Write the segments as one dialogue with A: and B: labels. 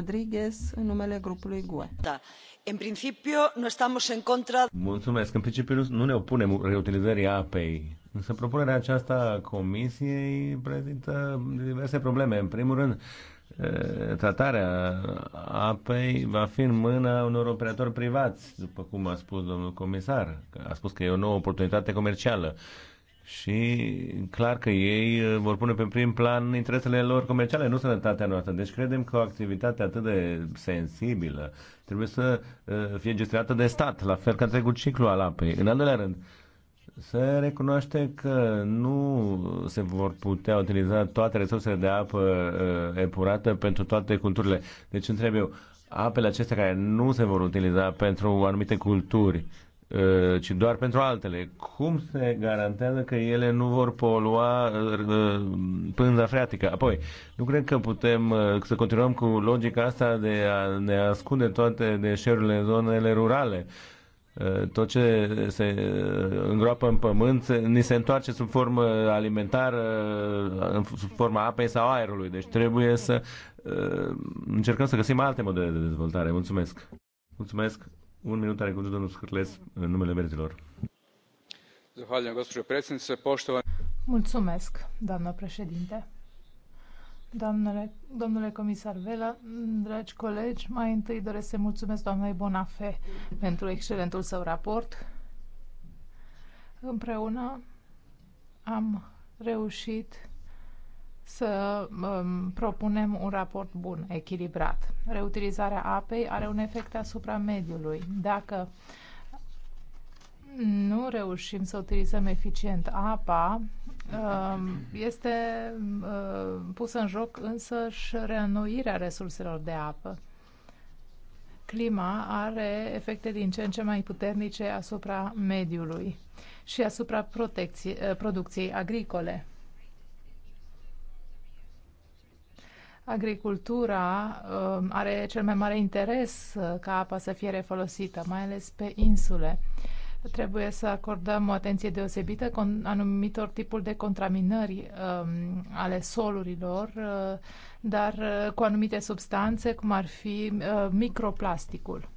A: Rodriguez în numele grupului GUE. Da. În principiu, nu estamos en contra...
B: Mulțumesc. În principiu nu ne opunem reutilizării apei. Însă propunerea aceasta a Comisiei prezintă diverse probleme. În primul rând, tratarea apei va fi în mâna unor operatori privați, după cum a spus domnul comisar. A spus că e o nouă oportunitate comercială și clar că ei uh, vor pune pe prim plan interesele lor comerciale, nu sănătatea noastră. Deci credem că o activitate atât de sensibilă trebuie să uh, fie gestionată de stat, la fel ca întregul ciclu al apei. În al doilea rând, se recunoaște că nu se vor putea utiliza toate resursele de apă uh, epurată pentru toate culturile. Deci întreb eu, apele acestea care nu se vor utiliza pentru anumite culturi, Uh, ci doar pentru altele. Cum se garantează că ele nu vor polua uh, uh, pânza freatică? Apoi, nu cred că putem să continuăm cu logica asta de a ne ascunde toate deșeurile în zonele rurale. Tot ce se îngroapă în pământ ni se întoarce sub formă alimentară, sub forma apei sau aerului. Deci trebuie să încercăm să găsim alte modele de dezvoltare. Mulțumesc! Mulțumesc! Un minut are cuvântul domnul Scârles în numele verzilor.
C: Mulțumesc, doamnă președinte. Doamnele, domnule comisar Vela, dragi colegi, mai întâi doresc să mulțumesc doamnei Bonafe pentru excelentul său raport. Împreună am reușit să um, propunem un raport bun, echilibrat. Reutilizarea apei are un efect asupra mediului. Dacă nu reușim să utilizăm eficient apa, um, este um, pusă în joc însă și reînnoirea resurselor de apă. Clima are efecte din ce în ce mai puternice asupra mediului și asupra protecției, uh, producției agricole. agricultura um, are cel mai mare interes uh, ca apa să fie refolosită, mai ales pe insule. Trebuie să acordăm o atenție deosebită anumitor tipuri de contaminări um, ale solurilor, uh, dar uh, cu anumite substanțe, cum ar fi uh, microplasticul.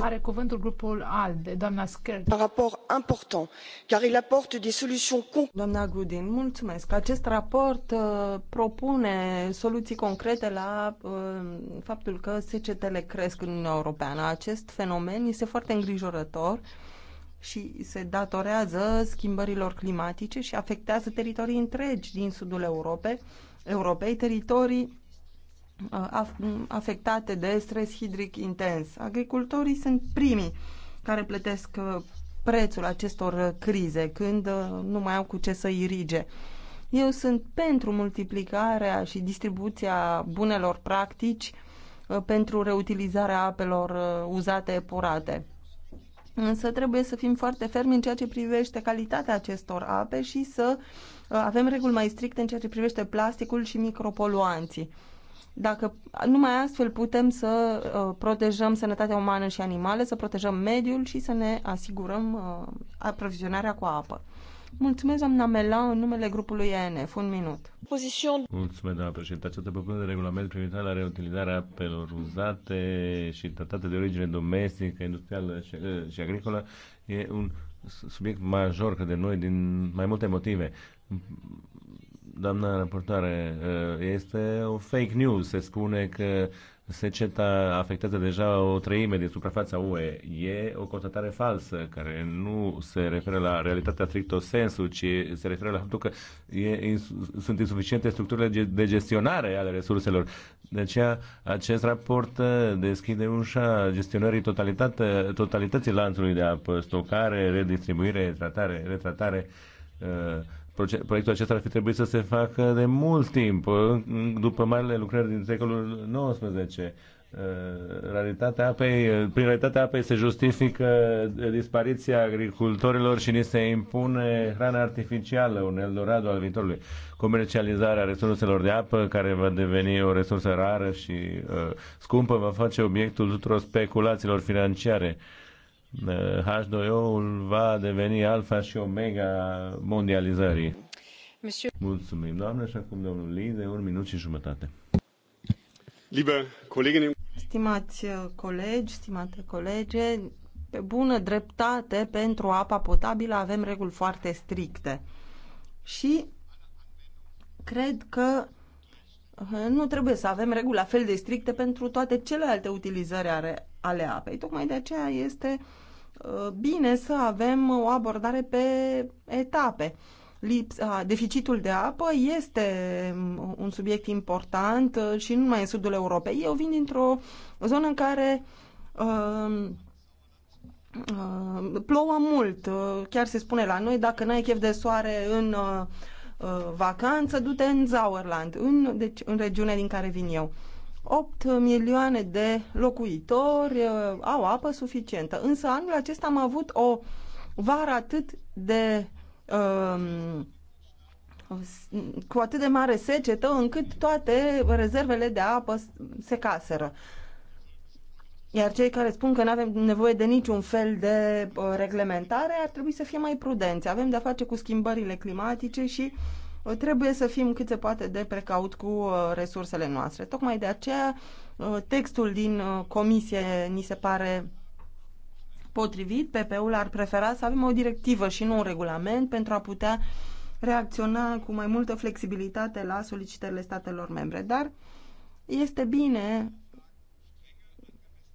C: Are cuvântul grupul ALDE, doamna Skirt. Un raport important, car il apporte des solutions Doamna Gudin, mulțumesc. Acest
A: raport uh, propune soluții concrete la uh, faptul că secetele cresc în Uniunea Europeană. Acest fenomen este foarte îngrijorător și se datorează schimbărilor climatice și afectează teritorii întregi din sudul Europei, Europei teritorii afectate de stres hidric intens. Agricultorii sunt primii care plătesc uh, prețul acestor uh, crize când uh, nu mai au cu ce să irige. Eu sunt pentru multiplicarea și distribuția bunelor practici pentru reutilizarea apelor uzate epurate. Însă trebuie să fim foarte fermi în ceea ce privește calitatea acestor ape și să avem reguli mai stricte în ceea ce privește plasticul și micropoluanții dacă numai astfel putem să uh, protejăm sănătatea umană și animale, să protejăm mediul și să ne asigurăm uh, aprovizionarea cu apă. Mulțumesc, doamna Mela, în numele grupului ANF. Un minut. Pozition.
B: Mulțumesc, doamna președinte. Această propunere de regulament privind la reutilizarea apelor uzate și tratate de origine domestică, industrială și, uh, și agricolă e un subiect major, că de noi, din mai multe motive doamna reportare, uh, este o fake news. Se spune că seceta afectează deja o treime din suprafața UE. E o constatare falsă care nu se referă la realitatea stricto sensu, ci se referă la faptul că e, sunt insuficiente structurile de gestionare ale resurselor. De aceea, acest raport uh, deschide ușa gestionării totalității lanțului de apă, stocare, redistribuire, tratare, retratare, uh, proiectul acesta ar fi trebuit să se facă de mult timp, după marile lucrări din secolul XIX. Uh, raritatea apei, uh, prin realitatea apei se justifică dispariția agricultorilor și ni se impune hrana artificială, un Eldorado al viitorului. Comercializarea resurselor de apă, care va deveni o resursă rară și uh, scumpă, va face obiectul tuturor speculațiilor financiare. Uh, Eh, H2O-ul va deveni alfa și omega mondializării. Monsieur... Mulțumim, doamnă, și acum domnul Lee, de un minut și jumătate. Liebe Kolleginnen
A: Stimați eh, colegi, stimate colege, pe bună dreptate, pentru apa potabilă avem reguli foarte stricte. Și cred că nu trebuie să avem reguli la fel de stricte pentru toate celelalte utilizări ale, ale apei. Tocmai de aceea este ă, bine să avem o abordare pe etape. Lipsa, deficitul de apă este un subiect important ă, și nu numai în sudul Europei. Eu vin dintr-o zonă în care uh, uh, plouă mult. Chiar se spune la noi, dacă n-ai chef de soare în uh, Uh, vacanță, du-te în Zauerland, în, deci, în regiune din care vin eu. 8 milioane de locuitori uh, au apă suficientă, însă anul acesta am avut o vară atât de uh, cu atât de mare secetă încât toate rezervele de apă se caseră. Iar cei care spun că nu avem nevoie de niciun fel de uh, reglementare ar trebui să fie mai prudenți. Avem de-a face cu schimbările climatice și uh, trebuie să fim cât se poate de precaut cu uh, resursele noastre. Tocmai de aceea uh, textul din uh, comisie ni se pare potrivit. ppu ul ar prefera să avem o directivă și nu un regulament pentru a putea reacționa cu mai multă flexibilitate la solicitările statelor membre. Dar este bine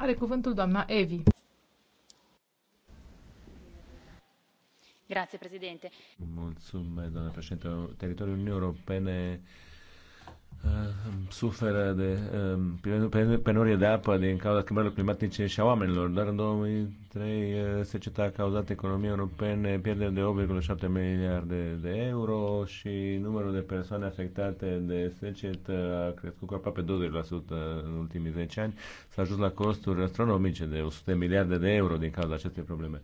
C: Are cuvântul doamna Evi. Grazie, Presidente.
B: Mulțumesc, doamna președinte. Teritoriul Uniunii Europene Uh, suferă de uh, penurie de apă din cauza schimbărilor climatice și a oamenilor. Dar în 2003 uh, seceta a cauzat economiei europene pierderi de 8,7 miliarde de euro și numărul de persoane afectate de secetă a crescut cu aproape 20% în ultimii 10 ani. S-a ajuns la costuri astronomice de 100 miliarde de euro din cauza acestei probleme.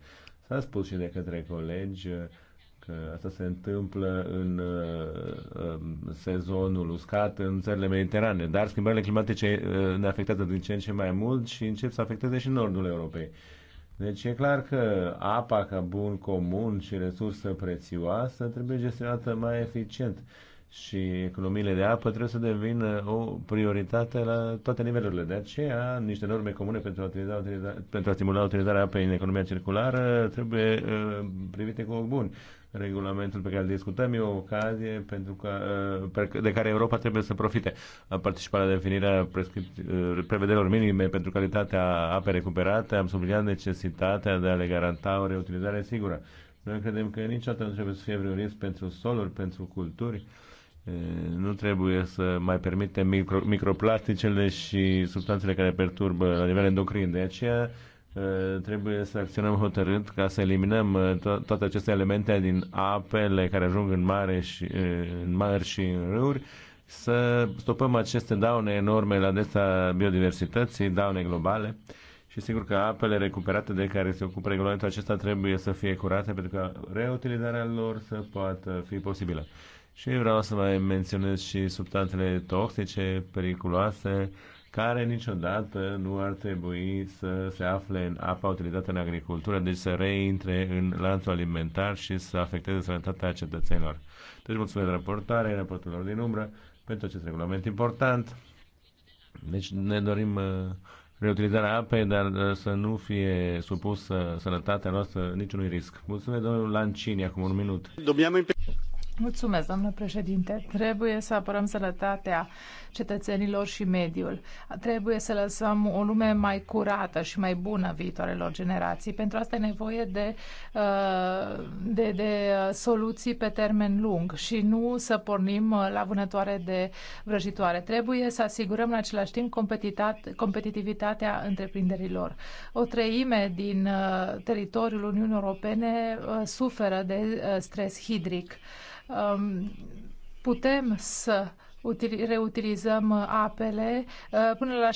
B: S-a spus și de către colegi uh, că asta se întâmplă în uh, um, sezonul uscat în țările mediterane, dar schimbările climatice uh, ne afectează din ce în ce mai mult și încep să afecteze și nordul Europei. Deci e clar că apa ca bun comun și resursă prețioasă trebuie gestionată mai eficient și economiile de apă trebuie să devină o prioritate la toate nivelurile. De aceea, niște norme comune pentru a, utiliza, utiliza, pentru a stimula utilizarea apei în economia circulară trebuie uh, privite cu ochi buni regulamentul pe care îl discutăm e o ocazie pentru uh, că, de care Europa trebuie să profite. A participat la definirea uh, prevederilor minime pentru calitatea apei recuperate, am subliniat necesitatea de a le garanta o reutilizare sigură. Noi credem că niciodată nu trebuie să fie vreun risc pentru soluri, pentru culturi. Nu trebuie să mai permitem micro, microplasticele și substanțele care perturbă la nivel endocrin. De aceea Eh, trebuie să acționăm hotărât ca să eliminăm eh, to- toate aceste elemente din apele care ajung în, mare și, eh, în mări și în râuri, să stopăm aceste daune enorme la adresa biodiversității, daune globale și sigur că apele recuperate de care se ocupă regulamentul acesta trebuie să fie curate pentru că reutilizarea lor să poată fi posibilă. Și vreau să mai menționez și substanțele toxice, periculoase, care niciodată nu ar trebui să se afle în apa utilizată în agricultură, deci să reintre în lanțul alimentar și să afecteze sănătatea cetățenilor. Deci mulțumesc de raportare, raportelor din umbră, pentru acest regulament important. Deci ne dorim uh, reutilizarea apei, dar uh, să nu fie supusă sănătatea noastră niciunui risc. Mulțumesc, domnul Lancini, acum un minut.
C: Mulțumesc, doamnă președinte. Trebuie să apărăm sănătatea cetățenilor și mediul. Trebuie să lăsăm o lume mai curată și mai bună viitoarelor generații. Pentru asta e nevoie de, uh, de, de soluții pe termen lung și nu să pornim uh, la vânătoare de vrăjitoare. Trebuie să asigurăm în același timp competitivitatea întreprinderilor. O treime din uh, teritoriul Uniunii Europene suferă de stres hidric. Um, putem să reutilizăm apele uh, până la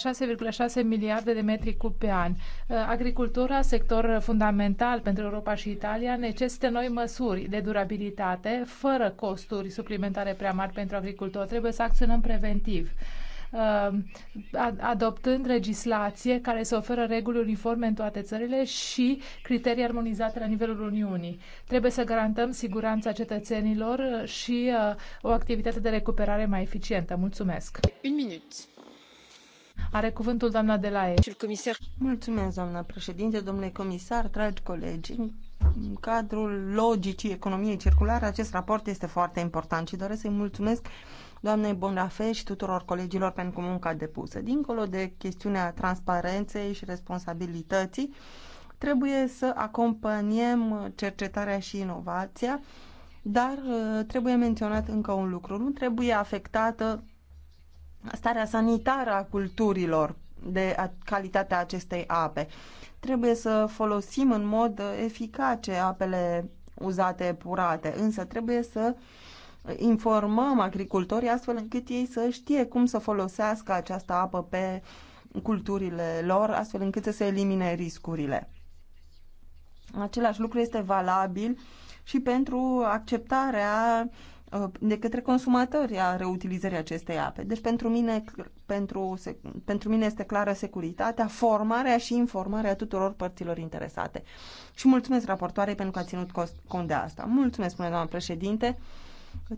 C: 6,6 miliarde de metri cub pe an. Uh, agricultura, sector fundamental pentru Europa și Italia, necesită noi măsuri de durabilitate, fără costuri suplimentare prea mari pentru agricultori. Trebuie să acționăm preventiv Um, adoptând legislație care să oferă reguli uniforme în toate țările și criterii armonizate la nivelul Uniunii. Trebuie să garantăm siguranța cetățenilor și uh, o activitate de recuperare mai eficientă. Mulțumesc! Un minut. Are cuvântul doamna Delae. Mulțumesc, doamna președinte, domnule comisar, dragi colegi.
A: În cadrul logicii economiei circulare, acest raport este foarte important și doresc să-i mulțumesc doamnei Bonafé și tuturor colegilor pentru munca depusă. Dincolo de chestiunea transparenței și responsabilității, trebuie să acompaniem cercetarea și inovația, dar uh, trebuie menționat încă un lucru. Nu trebuie afectată starea sanitară a culturilor de calitatea acestei ape. Trebuie să folosim în mod eficace apele uzate, purate, însă trebuie să uh, informăm agricultorii astfel încât ei să știe cum să folosească această apă pe culturile lor, astfel încât să se elimine riscurile. Același lucru este valabil și pentru acceptarea uh, de către consumatori a reutilizării acestei ape. Deci pentru mine, pentru, pentru mine este clară securitatea, formarea și informarea tuturor părților interesate. Și mulțumesc raportoarei pentru că a ținut cont de asta. Mulțumesc, până doamna președinte.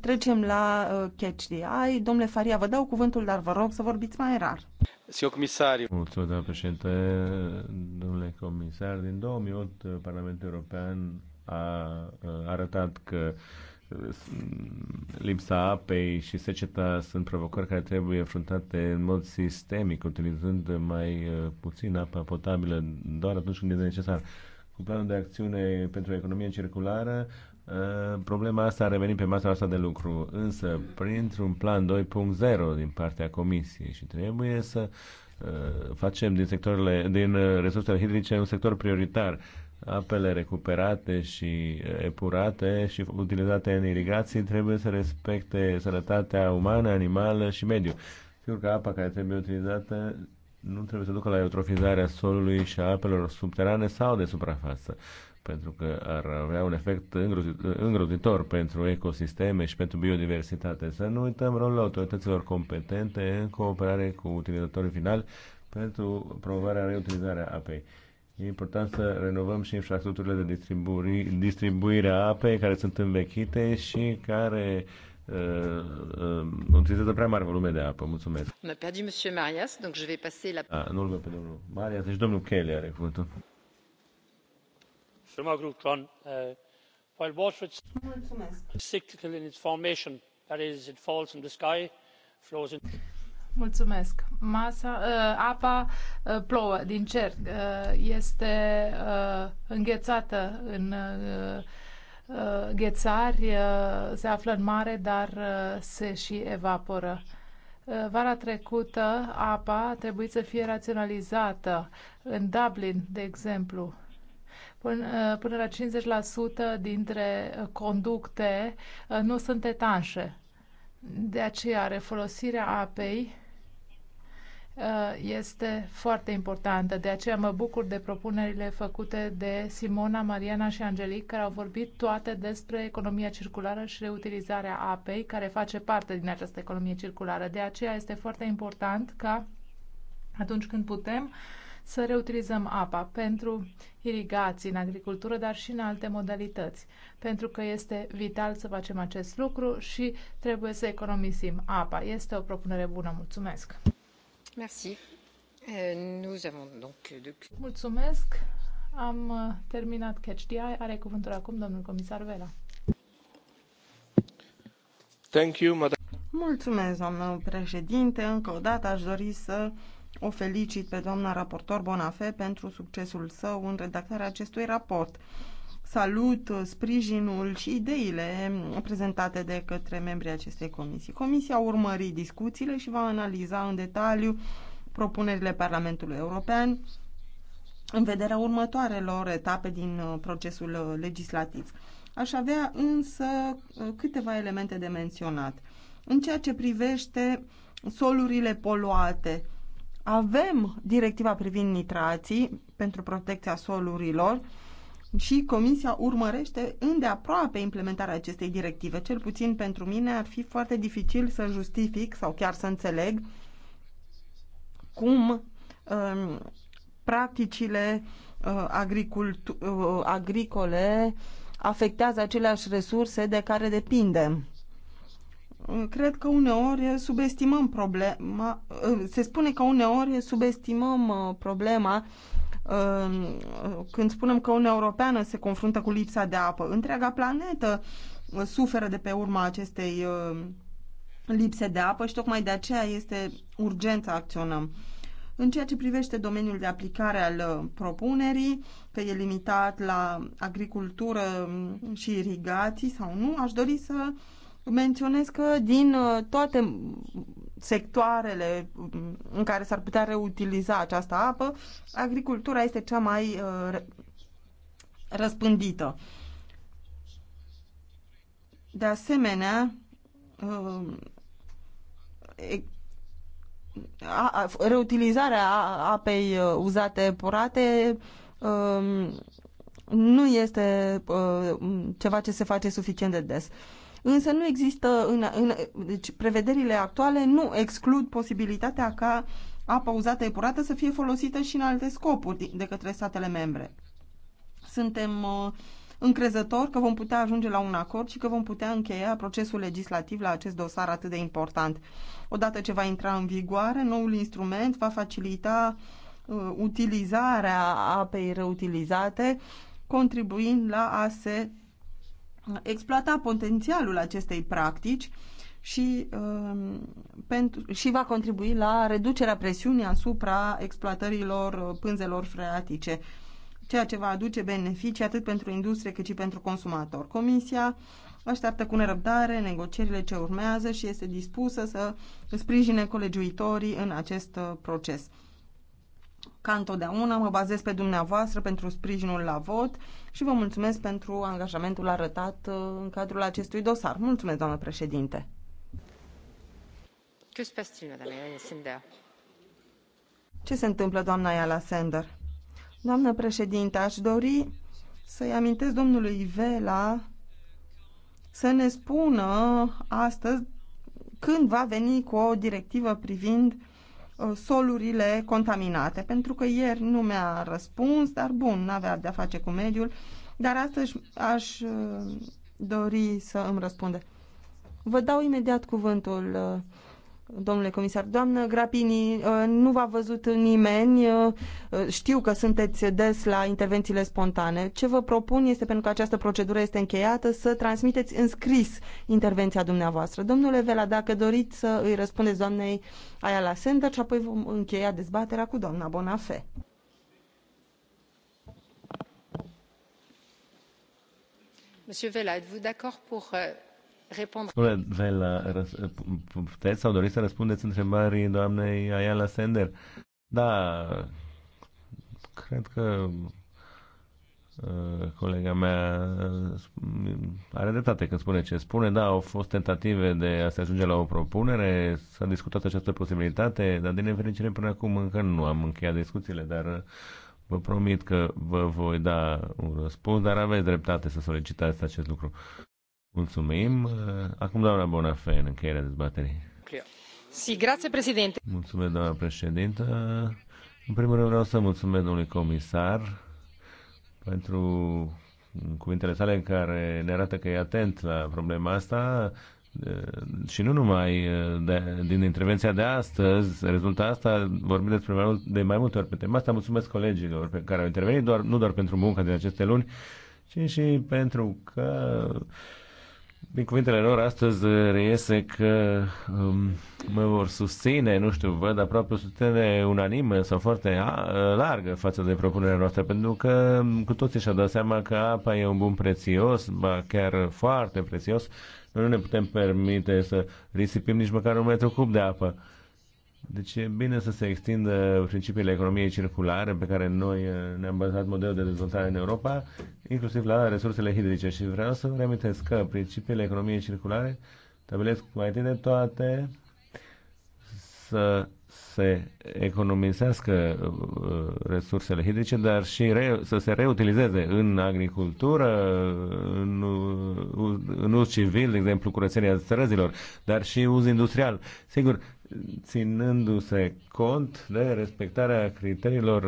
A: Trecem la uh, Catch the Eye. Domnule Faria, vă dau cuvântul, dar vă rog să vorbiți mai rar.
B: Sio comisariu. Mulțumesc, doamnă președinte. Domnule comisar, din 2008 Parlamentul European a uh, arătat că uh, lipsa apei și seceta sunt provocări care trebuie înfruntate în mod sistemic, utilizând mai uh, puțin apă potabilă doar atunci când este necesar. Cu planul de acțiune pentru economie circulară Eh, problema asta a revenit pe masa asta de lucru, însă printr-un plan 2.0 din partea Comisiei și trebuie să eh, facem din sectorile, din resursele hidrice un sector prioritar. Apele recuperate și eh, epurate și utilizate în irigații trebuie să respecte sănătatea umană, animală și mediu. Sigur că apa care trebuie utilizată nu trebuie să ducă la eutrofizarea solului și a apelor subterane sau de suprafață pentru că ar avea un efect îngrozitor pentru ecosisteme și pentru biodiversitate. Să nu uităm rolul autorităților competente în cooperare cu utilizatorii finali pentru promovarea reutilizarea apei. E important să renovăm și infrastructurile de distribuire, distribuire a apei care sunt învechite și care uh, uh, utilizează prea mare volume de apă. Mulțumesc.
C: Marias, donc je vais passer la...
B: Ah, nu-l văd pe domnul Marias, deci domnul Kelly are cuvântul.
C: Mulțumesc. Masa, uh, apa uh, plouă din cer, uh, este înghețată în ghețari, se află în mare, dar se și evaporă. Vara trecută, apa a trebuit să fie raționalizată în Dublin, de exemplu. Uh, până, la 50% dintre uh, conducte uh, nu sunt etanșe. De aceea, refolosirea apei este foarte importantă. De aceea mă bucur de propunerile făcute de Simona, Mariana și Angelic, care au vorbit toate despre economia circulară și reutilizarea apei, care face parte din această economie circulară. De aceea este foarte important ca atunci când putem uh, să reutilizăm apa pentru irigații în agricultură, dar și în alte modalități, pentru că este vital să facem acest lucru și trebuie să economisim apa. Este o propunere bună. Mulțumesc!
D: Merci. Euh, nous
E: avons donc euh,
C: Mulțumesc! Am uh, terminat Catch the Eye. Are cuvântul acum domnul comisar Vela.
E: Thank you,
A: Mulțumesc, doamnă președinte. Încă o dată aș dori să o felicit pe doamna raportor Bonafe pentru succesul său în redactarea acestui raport. Salut uh, sprijinul și ideile prezentate de către membrii acestei comisii. Comisia urmări discuțiile și va analiza în detaliu propunerile Parlamentului European în vederea următoarelor etape din uh, procesul uh, legislativ. Aș avea însă câteva elemente de menționat. În ceea ce privește solurile poluate, avem directiva privind nitrații pentru protecția solurilor și Comisia urmărește îndeaproape implementarea acestei directive. Cel puțin pentru mine ar fi foarte dificil să justific sau chiar să înțeleg cum um, practicile uh, uh, agricole afectează aceleași resurse de care depindem. Cred că uneori subestimăm problema, uh, se spune că uneori subestimăm uh, problema uh, când spunem că Uniunea Europeană se confruntă cu lipsa de apă. Întreaga planetă suferă de pe urma acestei lipse de apă și tocmai de aceea este urgent să acționăm. În ceea ce privește domeniul de aplicare al propunerii, că e limitat la agricultură um, și irigații sau nu, aș dori să menționez că din uh, toate sectoarele mm, în care s-ar putea reutiliza această apă, agricultura este cea mai uh, răspândită. De asemenea, uh, reutilizarea apei uzate purate um, nu este ceva ce se face suficient de des. Însă nu există, în, în, deci prevederile actuale nu exclud posibilitatea ca apa uzată epurată să fie folosită și în alte scopuri de către statele membre. Suntem uh, încrezători că vom putea ajunge la un acord și că vom putea încheia procesul legislativ la acest dosar atât de important. Odată ce va intra în vigoare, noul instrument va facilita uh, utilizarea apei reutilizate, contribuind la a se exploata potențialul acestei practici și, uh, pentru, și va contribui la reducerea presiunii asupra exploatărilor uh, pânzelor freatice, ceea ce va aduce beneficii atât pentru industrie cât și pentru consumator. Comisia așteaptă cu nerăbdare negocierile ce urmează și este dispusă să sprijine colegiuitorii în acest uh, proces. Ca întotdeauna, mă bazez pe dumneavoastră pentru sprijinul la vot și vă mulțumesc pentru angajamentul arătat uh, în cadrul acestui dosar. Mulțumesc, doamnă președinte! Ce se întâmplă, doamna Iala Sender? Doamnă președinte, aș dori să-i amintesc domnului Vela să ne spună astăzi când va veni cu o directivă privind Uh, solurile contaminate. Pentru că ieri nu mi-a răspuns, dar bun, n-avea de-a face cu mediul, dar astăzi aș uh, dori să îmi răspunde. Vă dau imediat cuvântul uh, domnule comisar. Doamnă Grapini, uh, nu v-a văzut nimeni. Uh, uh, știu că sunteți des la intervențiile spontane. Ce vă propun este, pentru că această procedură este încheiată, să transmiteți în scris intervenția dumneavoastră. Domnule Vela, dacă doriți să îi răspundeți doamnei la Sender și apoi vom încheia dezbaterea cu doamna Bonafe.
D: Monsieur Vela, êtes-vous d'accord pour euh, la
B: Vela, puteți sau doriți să răspundeți întrebării doamnei Ayala Sender? Da, cred că uh, colega mea uh, are dreptate când spune ce spune. Da, au fost tentative de a se ajunge la o propunere, s-a discutat această posibilitate, dar din nefericire până acum încă nu am încheiat discuțiile, dar uh, vă promit că vă voi da un răspuns, dar aveți dreptate să solicitați acest lucru. Mulțumim. Uh, acum doamna Bonafé, în încheierea dezbaterii.
D: Si, grazie, președinte.
B: Mulțumesc, doamna președintă. În primul rând vreau să mulțumesc domnului comisar pentru cuvintele sale în care ne arată că e atent la problema asta uh, și nu numai uh, de, din intervenția de astăzi, rezultă asta, vorbim despre mai mult, de mai multe ori pe tema asta, mulțumesc colegilor pe care au intervenit, doar, nu doar pentru munca din aceste luni, ci și pentru că uh, din cuvintele lor astăzi uh, reiese că um, mă vor susține, nu știu, văd aproape o susținere unanimă sau foarte a, largă față de propunerea noastră, pentru că um, cu toții și-au dat seama că apa e un bun prețios, ba chiar foarte prețios. Noi nu ne putem permite să risipim nici măcar un metru cub de apă. Uh, deci e bine să se extindă principiile economiei circulare pe care noi uh, ne-am bazat modelul de dezvoltare în Europa, inclusiv la resursele hidrice. Și vreau să vă reamintesc că principiile economiei circulare stabilesc mai tine toate să se economisească uh, resursele hidrice, dar și re- să se reutilizeze în agricultură, în, uh, în uz civil, de exemplu, curățenia străzilor, dar și uz industrial. Sigur, ținându-se cont de respectarea criteriilor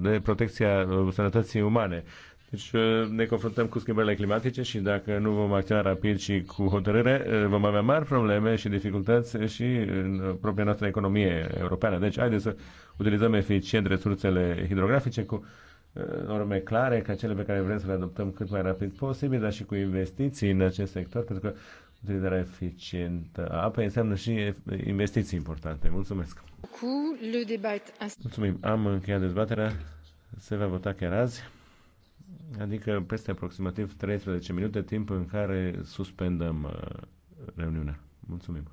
B: de protecție a sănătății umane. Deci uh, ne confruntăm cu schimbările climatice și dacă nu vom acționa rapid și cu hotărâre, uh, vom avea mari probleme și dificultăți și în propria noastră economie europeană. Deci haideți să utilizăm eficient resursele hidrografice cu uh, norme clare ca cele pe care vrem să le adoptăm cât mai rapid posibil, dar și cu investiții în acest sector, pentru că utilizarea eficientă a apei înseamnă și investiții importante. Mulțumesc!
C: Cu le debat.
B: Mulțumim! Am încheiat dezbaterea. Se va vota chiar azi, adică peste aproximativ 13 minute, timp în care suspendăm uh, reuniunea. Mulțumim!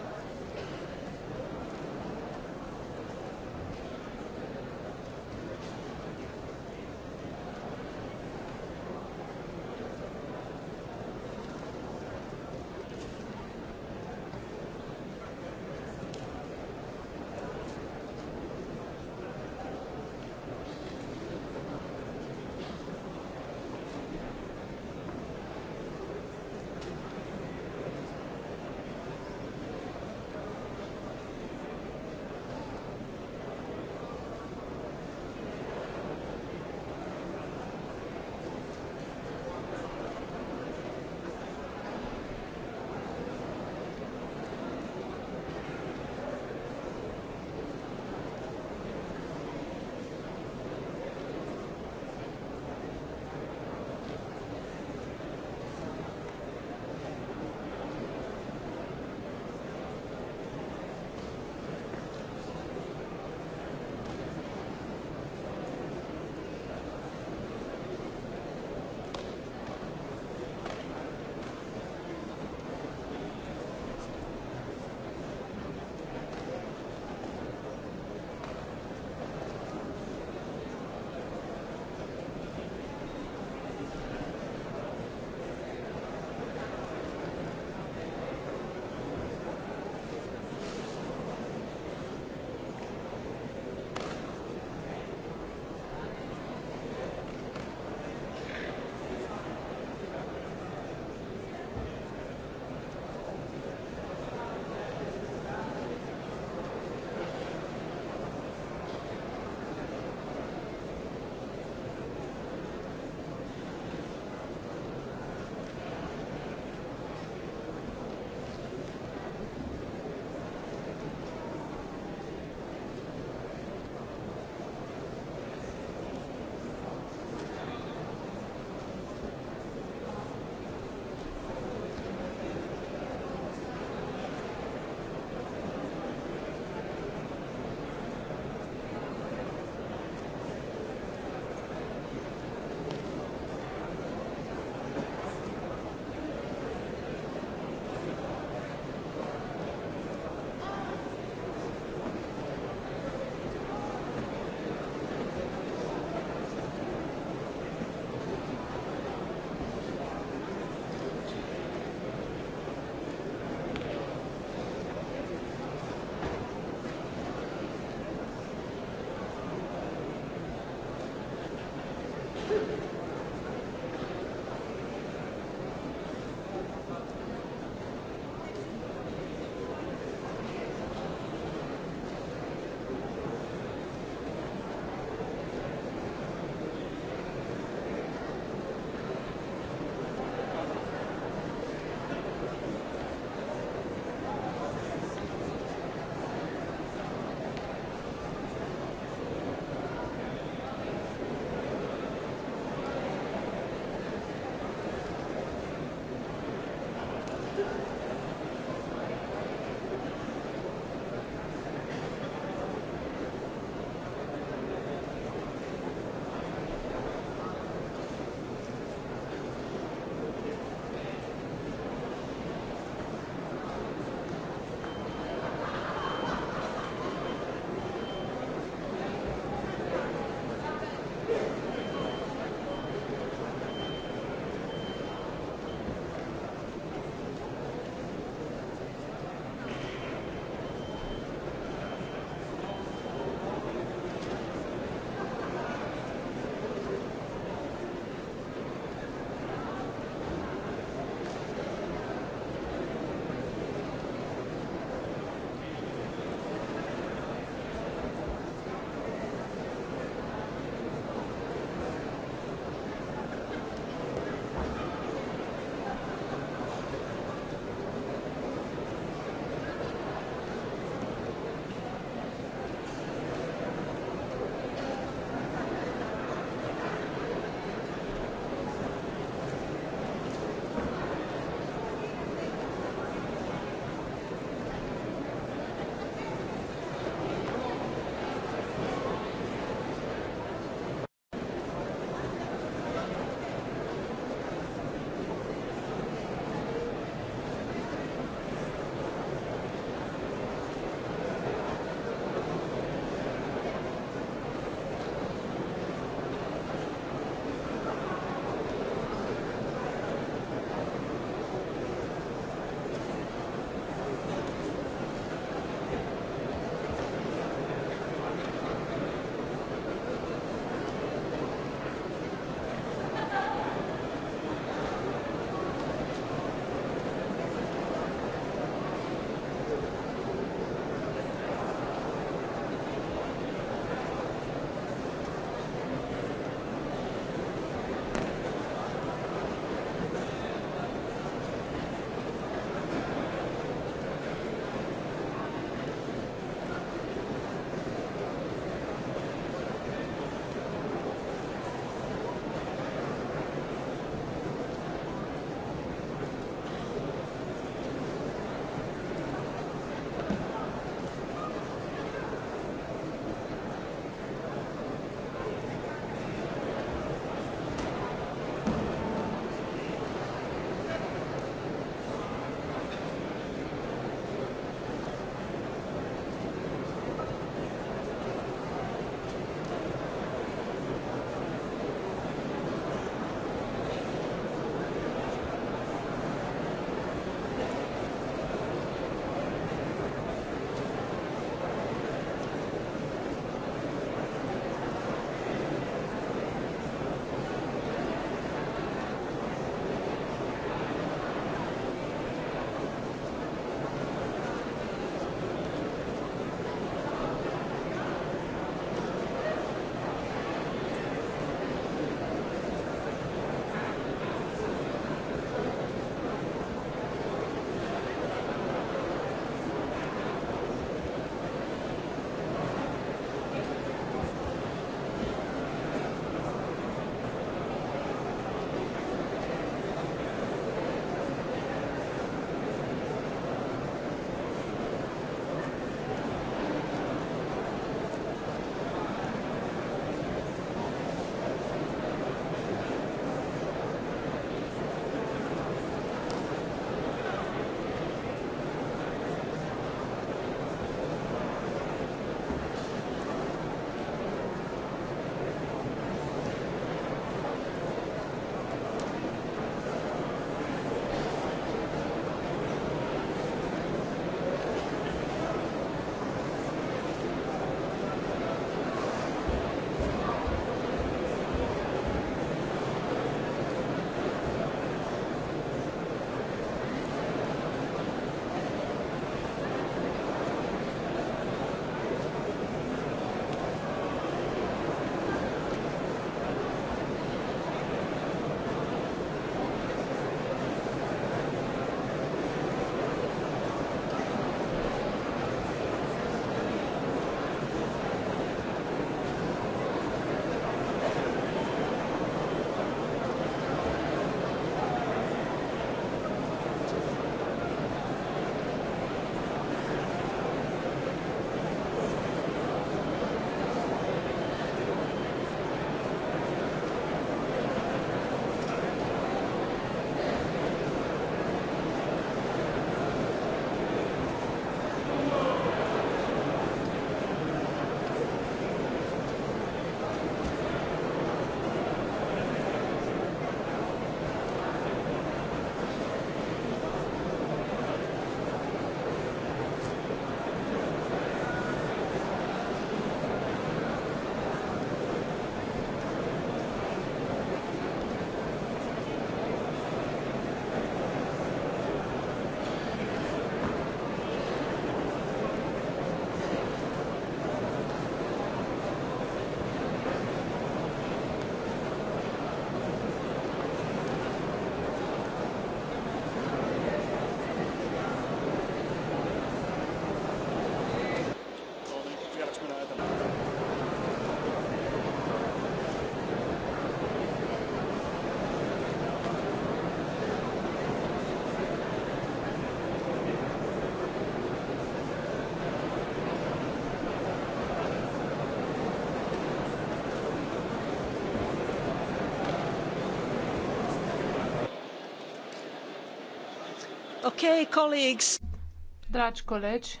C: Dragi colegi,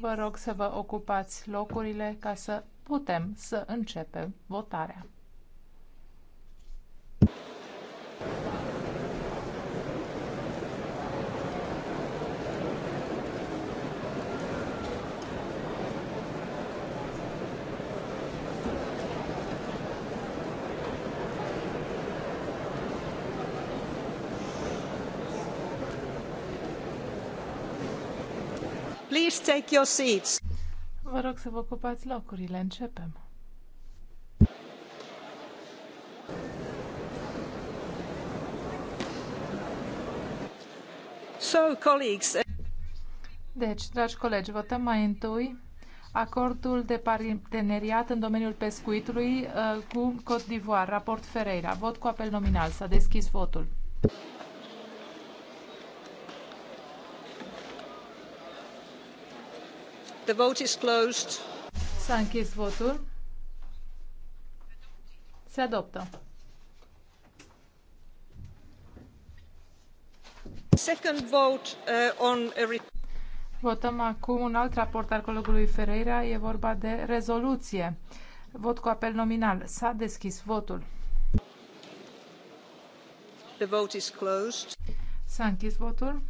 C: vă rog să vă ocupați locurile ca să putem să începem votarea. Please take your seats. Vă rog să vă ocupați locurile. Începem. So, colleagues. Uh, deci, dragi colegi, votăm mai întâi acordul de parteneriat în domeniul pescuitului uh, cu Côte d'Ivoire, raport Ferreira. Vot cu apel nominal. S-a deschis votul.
E: The vote is closed.
C: S-a închis votul. Se adoptă. Second vote uh, on Votăm acum un alt raport al colegului Ferreira. E vorba de rezoluție. Vot cu apel nominal. S-a deschis votul.
E: The vote is closed.
C: S-a închis votul.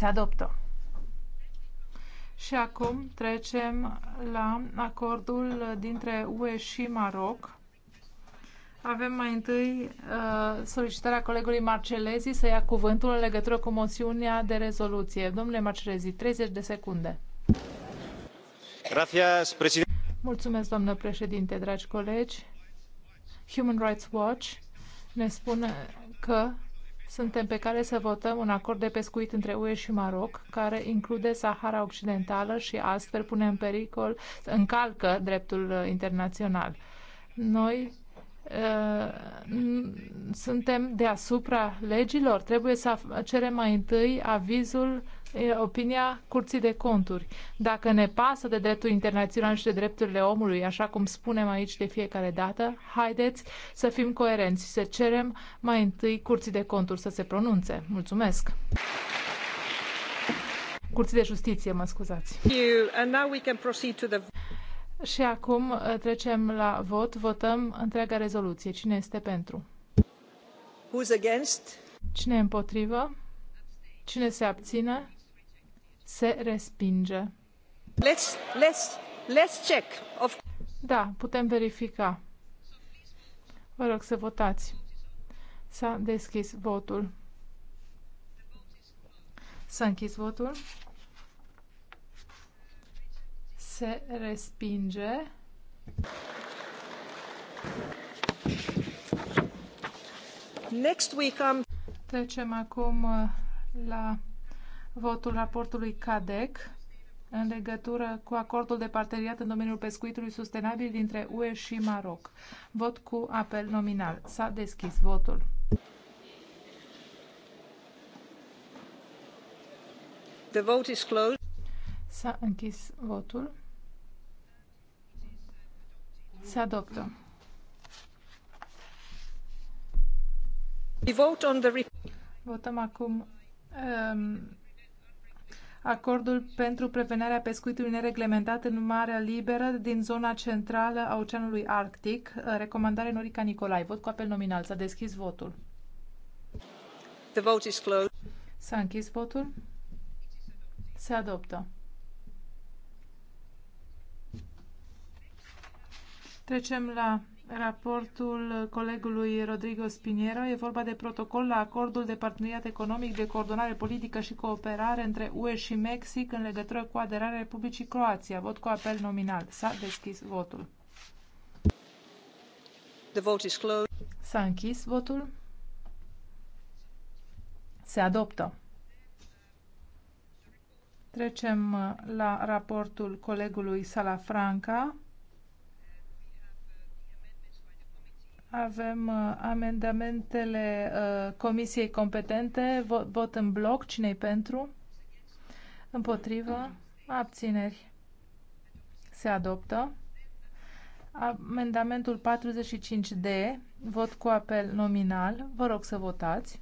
C: se adoptă. Și acum trecem la acordul dintre UE și Maroc. Avem mai întâi uh, solicitarea colegului Marcelezi să ia cuvântul în legătură cu moțiunea de rezoluție. Domnule Marcelezi, 30 de secunde.
B: Gracias,
C: Mulțumesc, doamnă președinte, dragi colegi. Human Rights Watch ne spune că suntem pe care să votăm un acord de pescuit între UE și Maroc, care include Sahara Occidentală și astfel pune în pericol, încalcă dreptul uh, internațional. Noi uh, suntem deasupra legilor. Trebuie să cerem mai întâi avizul opinia Curții de Conturi. Dacă ne pasă de dreptul internațional și de drepturile omului, așa cum spunem aici de fiecare dată, haideți să fim coerenți și să cerem mai întâi Curții de Conturi să se pronunțe. Mulțumesc! Curții de Justiție, mă scuzați. Și acum uh, trecem la vot. Votăm întreaga rezoluție. Cine este pentru? Who's against? Cine e împotrivă? Cine se abține? se respinge. Let's, let's, let's check. Of... Da, putem verifica. Vă rog să votați. S-a deschis votul. S-a închis votul. Se respinge. Next week am... Trecem acum uh, la votul raportului CADEC în legătură cu acordul de parteneriat în domeniul pescuitului sustenabil dintre UE și Maroc. Vot cu apel nominal. S-a deschis votul. The vote is closed. S-a închis votul. Se adoptă. We vote on the... Votăm acum um, acordul pentru prevenirea pescuitului nereglementat în Marea Liberă din zona centrală a Oceanului Arctic. Recomandare Norica Nicolai. Vot cu apel nominal. S-a deschis votul.
E: The vote is closed.
C: S-a închis votul. Se adoptă. Trecem la raportul colegului Rodrigo Spiniero. E vorba de protocol la acordul de parteneriat economic de coordonare politică și cooperare între UE și Mexic în legătură cu aderarea Republicii Croația. Vot cu apel nominal. S-a deschis votul. The vote is closed. S-a închis votul. Se adoptă. Trecem la raportul colegului Salafranca. Avem uh, amendamentele uh, comisiei competente. Vot, vot în bloc. Cine-i pentru? Împotrivă? Abțineri. Se adoptă. Amendamentul 45D, vot cu apel nominal. Vă rog să votați.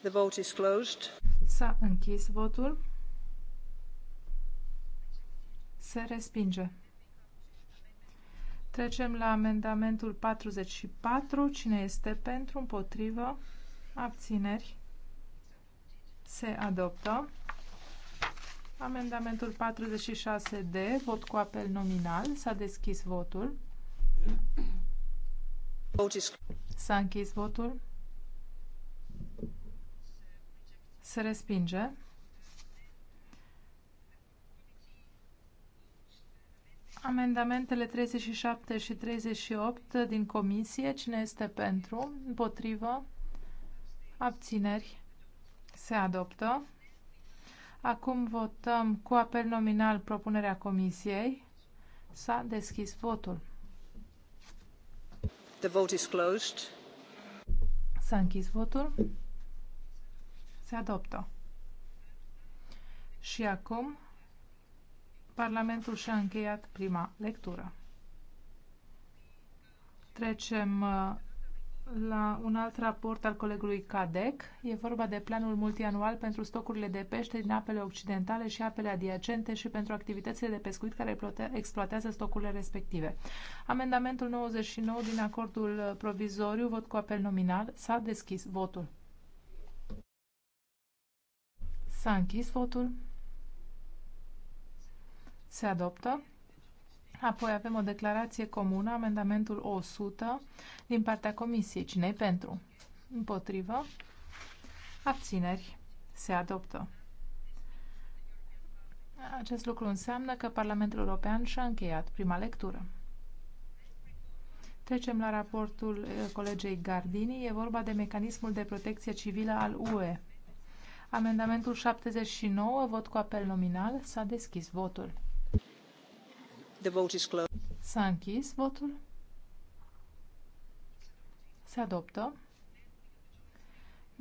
C: The vote is closed. S-a închis votul. Se respinge. Trecem la amendamentul 44. Cine este pentru, împotrivă, abțineri, se adoptă. Amendamentul 46D, vot cu apel nominal. S-a deschis votul. S-a închis votul. Se respinge. Amendamentele 37 și 38 din comisie. Cine este pentru? Împotrivă? Abțineri? Se adoptă. Acum votăm cu apel nominal propunerea comisiei. S-a deschis votul.
E: The vote is closed.
C: S-a închis votul. Se adoptă. Și acum Parlamentul și-a încheiat prima lectură. Trecem uh, la un alt raport al colegului Cadec. E vorba de planul multianual pentru stocurile de pește din apele occidentale și apele adiacente și pentru activitățile de pescuit care exploatează stocurile respective. Amendamentul 99 din acordul provizoriu, vot cu apel nominal, s-a deschis votul. S-a închis votul se adoptă. Apoi avem o declarație comună, amendamentul 100 din partea Comisiei. cine pentru? Împotrivă. Abțineri. Se adoptă. Acest lucru înseamnă că Parlamentul European și-a încheiat prima lectură. Trecem la raportul eh, colegei Gardini. E vorba de mecanismul de protecție civilă al UE. Amendamentul 79, vot cu apel nominal, s-a deschis votul.
E: The vote is closed.
C: S-a închis votul. Se adoptă.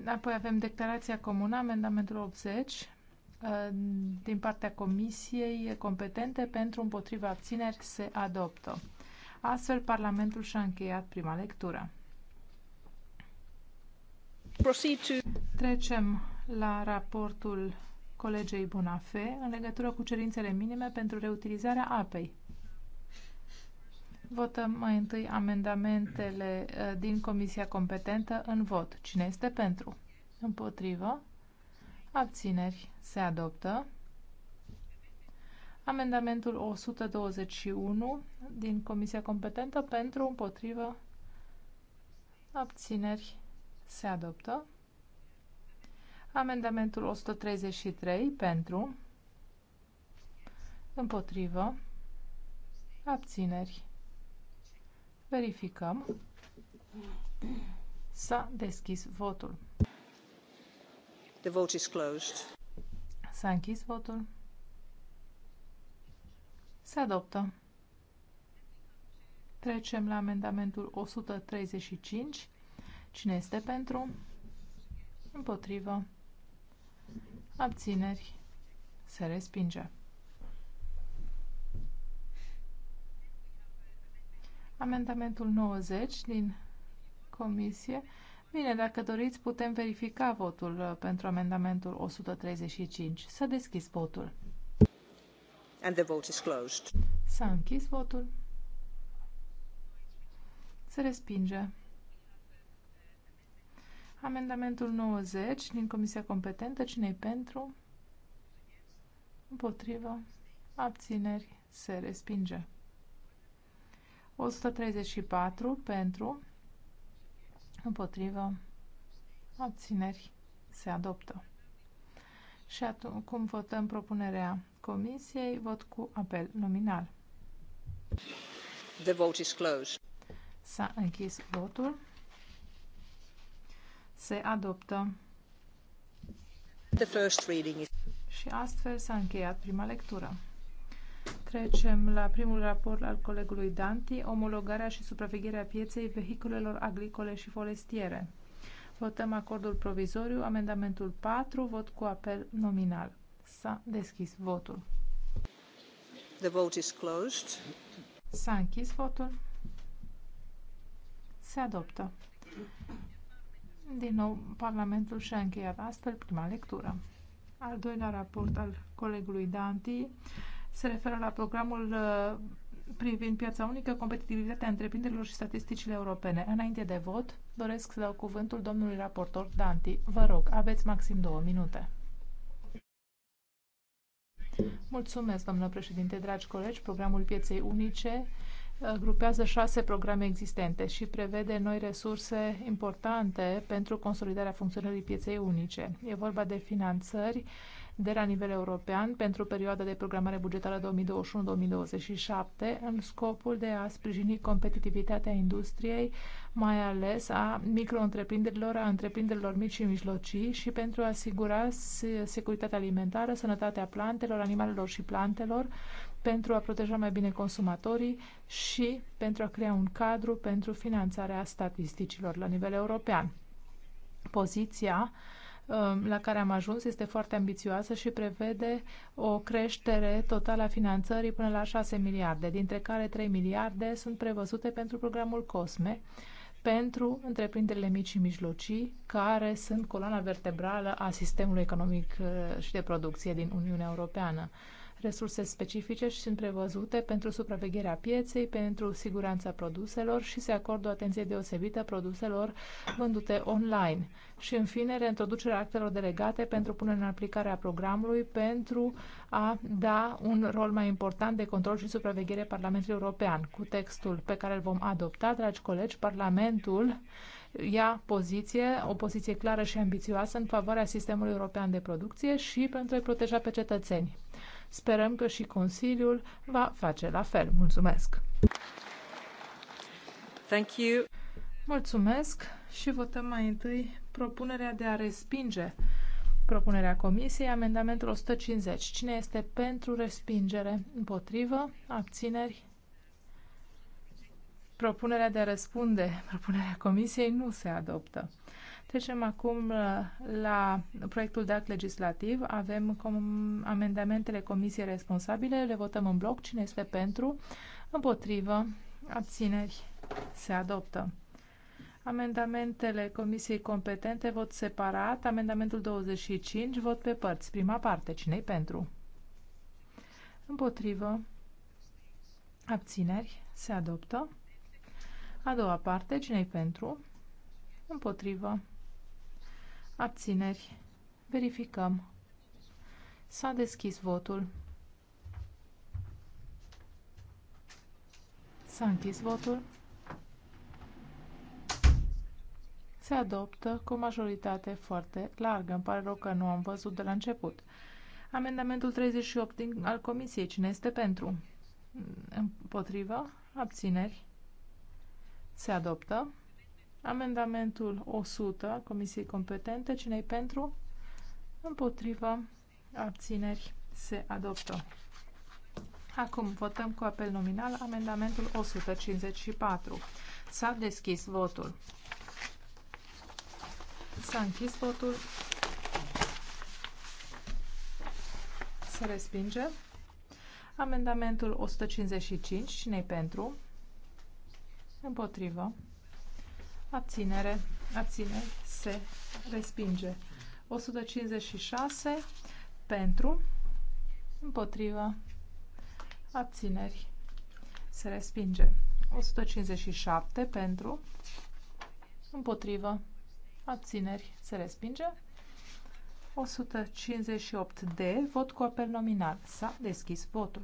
C: Apoi avem declarația comună, amendamentul 80, uh, din partea Comisiei competente pentru împotriva abțineri se adoptă. Astfel, Parlamentul și-a încheiat prima lectură. to. Trecem la raportul colegei Bunafe în legătură cu cerințele minime pentru reutilizarea apei. Votăm mai întâi amendamentele uh, din comisia competentă în vot. Cine este pentru? Împotrivă. Abțineri. Se adoptă. Amendamentul 121 din comisia competentă pentru, împotrivă, abțineri. Se adoptă. Amendamentul 133 pentru, împotrivă, abțineri Verificăm. S-a deschis votul.
E: The vote is closed.
C: S-a închis votul. Se adoptă. Trecem la amendamentul 135. Cine este pentru? Împotrivă. Abțineri. Se respinge. Amendamentul 90 din comisie. Bine, dacă doriți, putem verifica votul uh, pentru amendamentul 135. S-a deschis votul.
E: And the vote is closed.
C: S-a închis votul. Se respinge. Amendamentul 90 din Comisia Competentă. Cine-i pentru? Împotrivă. Abțineri. Se respinge. 134 pentru, împotrivă, abțineri, se adoptă. Și atunci cum votăm propunerea comisiei, vot cu apel nominal.
E: The vote is closed.
C: S-a închis votul. Se adoptă. The
E: first reading is...
C: Și astfel s-a încheiat prima lectură. Trecem la primul raport al colegului Danti, omologarea și supravegherea pieței vehiculelor agricole și forestiere. Votăm acordul provizoriu, amendamentul 4, vot cu apel nominal. S-a deschis votul.
E: The vote is closed.
C: S-a închis votul. Se adoptă. Din nou, Parlamentul și-a încheiat astfel prima lectură. Al doilea raport al colegului Danti, se referă la programul uh, privind piața unică, competitivitatea întreprinderilor și statisticile europene. Înainte de vot, doresc să dau cuvântul domnului raportor Danti. Vă rog, aveți maxim două minute. Mulțumesc, doamnă președinte, dragi colegi. Programul pieței unice uh, grupează șase programe existente și prevede noi resurse importante pentru consolidarea funcționării pieței unice. E vorba de finanțări, de la nivel european pentru perioada de programare bugetară 2021-2027 în scopul de a sprijini competitivitatea industriei, mai ales a micro-întreprinderilor, a întreprinderilor mici și mijlocii și pentru a asigura securitatea alimentară, sănătatea plantelor, animalelor și plantelor, pentru a proteja mai bine consumatorii și pentru a crea un cadru pentru finanțarea statisticilor la nivel european. Poziția Um, la care am ajuns este foarte ambițioasă și prevede o creștere totală a finanțării până la 6 miliarde, dintre care 3 miliarde sunt prevăzute pentru programul COSME, pentru întreprinderile mici și mijlocii, care sunt coloana vertebrală a sistemului economic uh, și de producție din Uniunea Europeană. Resurse specifice și sunt prevăzute pentru supravegherea pieței, pentru siguranța produselor și se acordă o atenție deosebită produselor vândute online. Și, în fine, reintroducerea actelor delegate pentru punerea în aplicare a programului pentru a da un rol mai important de control și supraveghere Parlamentului European. Cu textul pe care îl vom adopta, dragi colegi, Parlamentul ia poziție, o poziție clară și ambițioasă în favoarea sistemului european de producție și pentru a-i proteja pe cetățeni. Sperăm că și Consiliul va face la fel. Mulțumesc! Thank you. Mulțumesc și votăm mai întâi propunerea de a respinge propunerea comisiei, amendamentul 150. Cine este pentru respingere? Împotrivă? Abțineri? Propunerea de a răspunde, propunerea Comisiei nu se adoptă. Trecem acum uh, la proiectul de act legislativ. Avem com- amendamentele Comisiei responsabile. Le votăm în bloc. Cine este pentru? Împotrivă? Abțineri? Se adoptă. Amendamentele Comisiei competente, vot separat. Amendamentul 25, vot pe părți. Prima parte, cine pentru? Împotrivă. Abțineri. Se adoptă. A doua parte, cine-i pentru? Împotrivă. Abțineri. Verificăm. S-a deschis votul. S-a închis votul. Se adoptă cu majoritate foarte largă. Îmi pare rău că nu am văzut de la început. Amendamentul 38 din, al Comisiei. Cine este pentru? Împotrivă? Abțineri? Se adoptă. Amendamentul 100 al Comisiei Competente. Cine-i pentru? Împotrivă. Abțineri. Se adoptă. Acum votăm cu apel nominal amendamentul 154. S-a deschis votul. S-a închis votul. Se respinge. Amendamentul 155. Cine-i pentru? Împotrivă. Abținere. abține, Se respinge. 156 pentru. Împotrivă. Abțineri. Se respinge. 157 pentru. Împotrivă. Abțineri. Se respinge. 158D. Vot cu apel nominal. S-a deschis votul.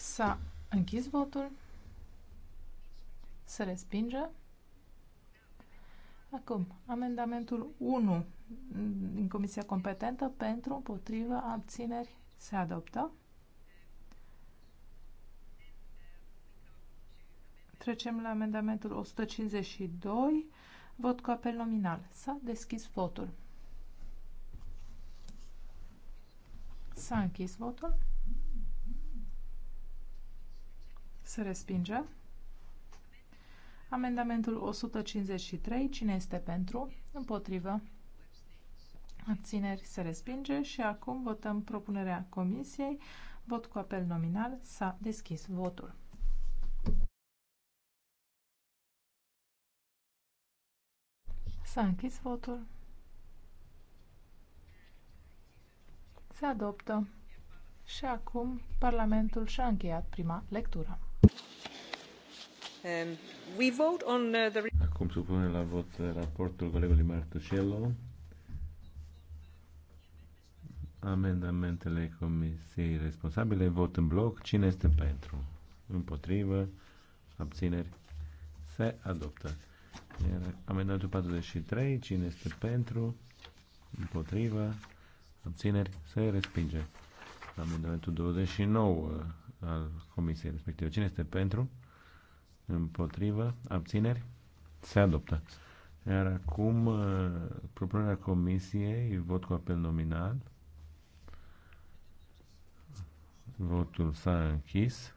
C: S-a închis votul. Se respinge. Acum, amendamentul 1 din Comisia Competentă pentru, împotrivă, abțineri se adoptă. Trecem la amendamentul 152. Vot cu apel nominal. S-a deschis votul. S-a închis votul. Se respinge. Amendamentul 153. Cine este pentru? Împotrivă. Abțineri se respinge și acum votăm propunerea comisiei. Vot cu apel nominal. S-a deschis votul. S-a închis votul. Se adoptă. Și acum Parlamentul și-a încheiat prima lectură.
E: Um, we vote uh,
B: Acum supunem la vot raportul colegului Martușello. Amendamentele comisiei responsabile, vot în bloc. Cine este pentru? Împotrivă? Abțineri? Se adoptă. Iar amendamentul 43, cine este pentru? Împotrivă? Abțineri? Se respinge. Amendamentul 29, al comisiei respective. Cine este pentru? Împotrivă? Abțineri? Se adoptă. Iar acum uh, propunerea comisiei, vot cu apel nominal. Votul s-a închis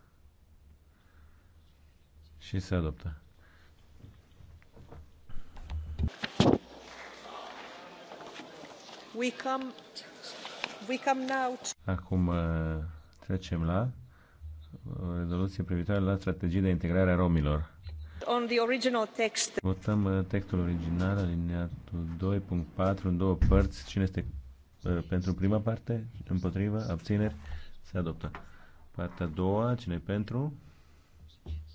B: și se adoptă.
E: We come, we come now.
B: Acum uh, trecem la rezoluție privitoare la strategii de integrare a romilor.
E: On the original text.
B: Votăm uh, textul original, alineatul 2.4, în două părți. Cine este uh, pentru prima parte? Împotrivă? Abțineri? Se adoptă. Partea a doua, cine pentru?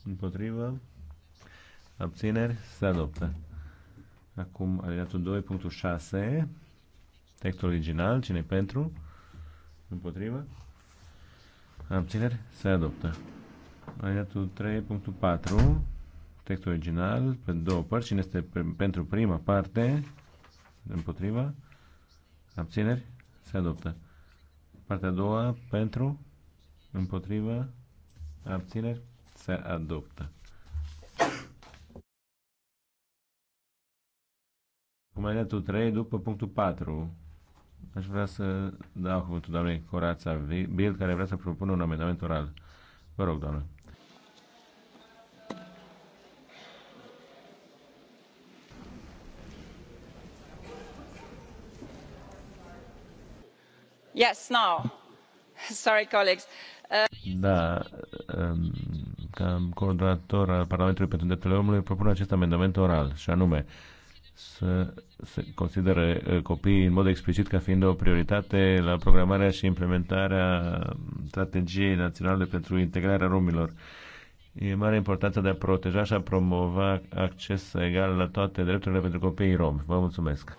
B: Împotrivă? Abțineri? Se adoptă. Acum, alineatul 2.6, textul original, cine pentru? Împotrivă? Abțineri? Se adoptă. Aliatul 3.4, textul original, pe două părți. Cine este pe, pentru prima parte? Împotriva? Abțineri? Se adoptă. Partea a doua, pentru? Împotriva? Abțineri? Se adoptă. Cum aliatul 3 după punctul 4 Aș vrea să dau cuvântul doamnei Corața Bild, care vrea să propună un amendament oral. Vă rog, doamnă.
C: Yes, now. Sorry, colleagues.
B: Da, um, ca coordonator al Parlamentului pentru Drepturile Omului propun acest amendament oral, și anume să se consideră uh, copiii în mod explicit ca fiind o prioritate la programarea și implementarea strategiei naționale pentru integrarea romilor. E mare importanță de a proteja și a promova acces egal la toate drepturile pentru copiii romi. Vă mulțumesc!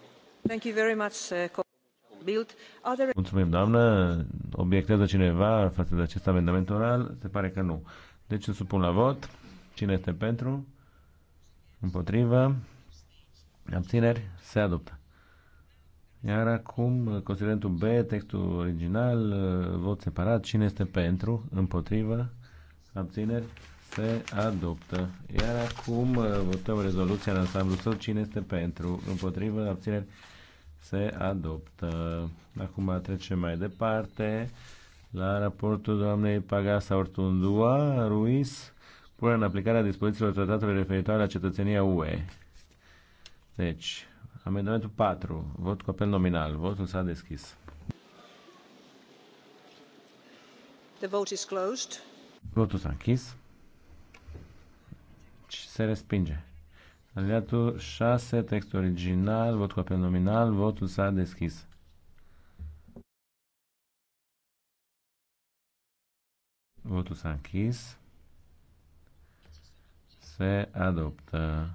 E: Thank you very much, uh, There...
B: Mulțumim, doamnă. Obiectează cineva față de acest amendament oral? Se pare că nu. Deci îl supun la vot. Cine este pentru? Împotriva? Abțineri? Se adoptă. Iar acum, considerentul B, textul original, vot separat. Cine este pentru? Împotrivă? Abțineri? Se adoptă. Iar acum votăm rezoluția în ansamblu său. Cine este pentru? Împotrivă? Abțineri? Se adoptă. Acum trecem mai departe la raportul doamnei Pagasa Ortundua Ruiz pune în aplicarea dispozițiilor tratatului referitoare la cetățenia UE. Deci, amendamentul 4, vot cu apel nominal. Votul s-a deschis.
E: The vote is closed.
B: Votul s-a închis. Și se respinge. Aliatul 6, text original, vot cu apel nominal, votul s-a deschis. Votul s-a închis. Se adoptă.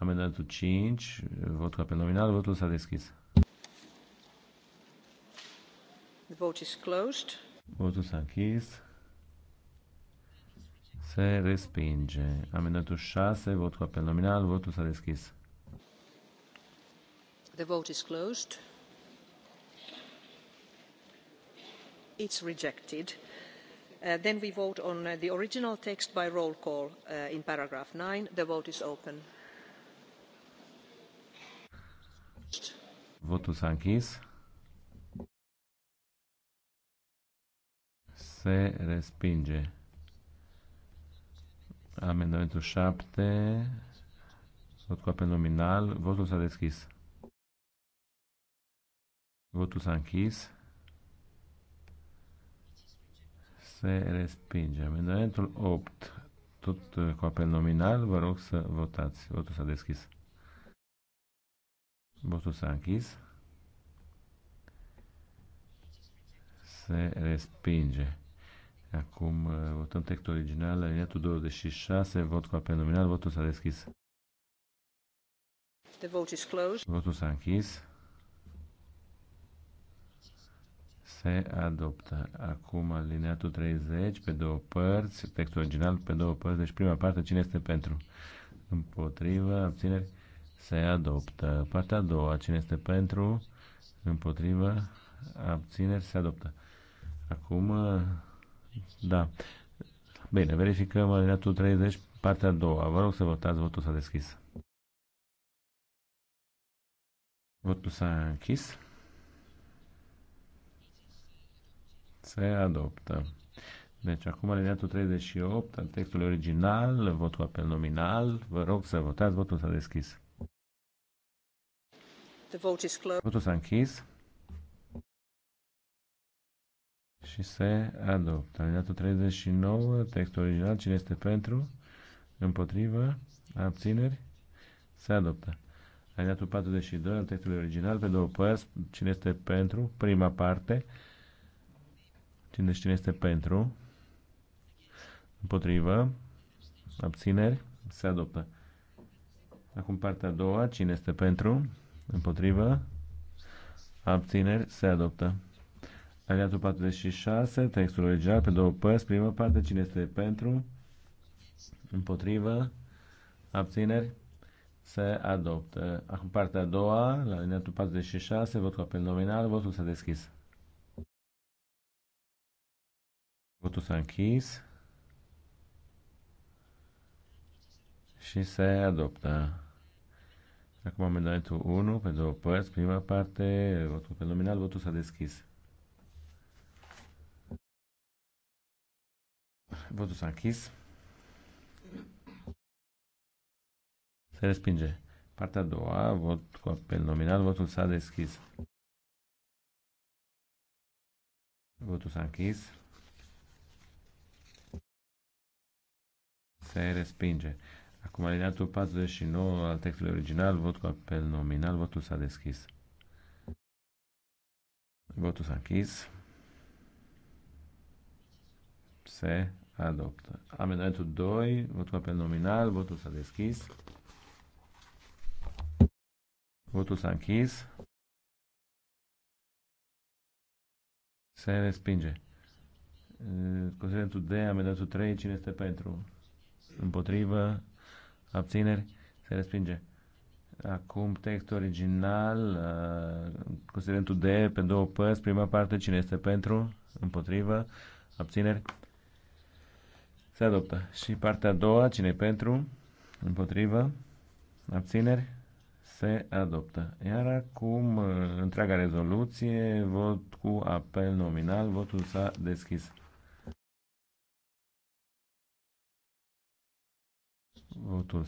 B: Amendamentul 5, vot cu apel nominal, votul s-a deschis.
E: The vote is closed.
B: Votul s-a închis. Se respinge. Amendamentul 6, vot cu apel nominal, votul s-a deschis.
E: The vote is closed. It's rejected. Uh, then we vote on uh, the original text by roll call uh, in paragraph 9. The vote is open.
B: Votul s-a închis. Se respinge. Amendamentul 7, tot cu apel nominal, votul s-a deschis. Votul s-a închis. Se respinge. Amendamentul 8, tot uh, cu apel nominal, vă rog să votați. Votul s-a deschis. Votul s-a închis. Se respinge. Acum uh, votăm textul original, alineatul 26, vot cu apel nominal, votul s-a deschis.
E: The vote is closed.
B: Votul s-a închis. Se adoptă. Acum alineatul 30 pe două părți, textul original pe două părți, deci prima parte, cine este pentru? Împotrivă, abțineri, se adoptă. Partea a doua, cine este pentru, împotrivă, abțineri, se adoptă. Acum, da. Bine, verificăm alineatul 30, partea a doua. Vă rog să votați, votul s-a deschis. Votul s-a închis. Se adoptă. Deci acum alineatul 38 al textului original, votul apel nominal. Vă rog să votați, votul s-a deschis.
E: Votul
B: s-a închis. Și se adoptă. Alineatul 39, textul original, cine este pentru, împotrivă, abțineri, se adoptă. Alineatul 42 al textului original, pe două părți, cine este pentru, prima parte, cine, cine este pentru, împotrivă, abțineri, se adoptă. Acum partea a doua, cine este pentru, Împotrivă? Abțineri? Se adoptă. Aliatul 46, textul original pe două părți, prima parte, cine este pentru? Împotrivă? Abțineri? Se adoptă. Acum partea a doua, la aliatul 46, votul apel nominal, votul s-a deschis. Votul s-a închis și se adoptă. Acum amendamentul 1, pe două părți, prima parte, votul pe nominal, votul s-a deschis. Votul s-a închis. Se respinge. Partea a doua, vot cu apel nominal, votul s-a deschis. Votul s-a închis. Se respinge. Acum alineatul 49 al textului original, vot cu apel nominal, votul s-a deschis. Votul s-a închis. Se adoptă. Amendamentul 2, vot cu apel nominal, votul s-a deschis. Votul s-a închis. Se respinge. Considerentul D, amendamentul 3, cine este pentru? Împotrivă, abțineri, se respinge. Acum textul original, uh, considerentul D, pe două părți, prima parte, cine este pentru, împotrivă, abțineri, se adoptă. Și partea a doua, cine pentru, împotrivă, abțineri, se adoptă. Iar acum, uh, întreaga rezoluție, vot cu apel nominal, votul s-a deschis. Votul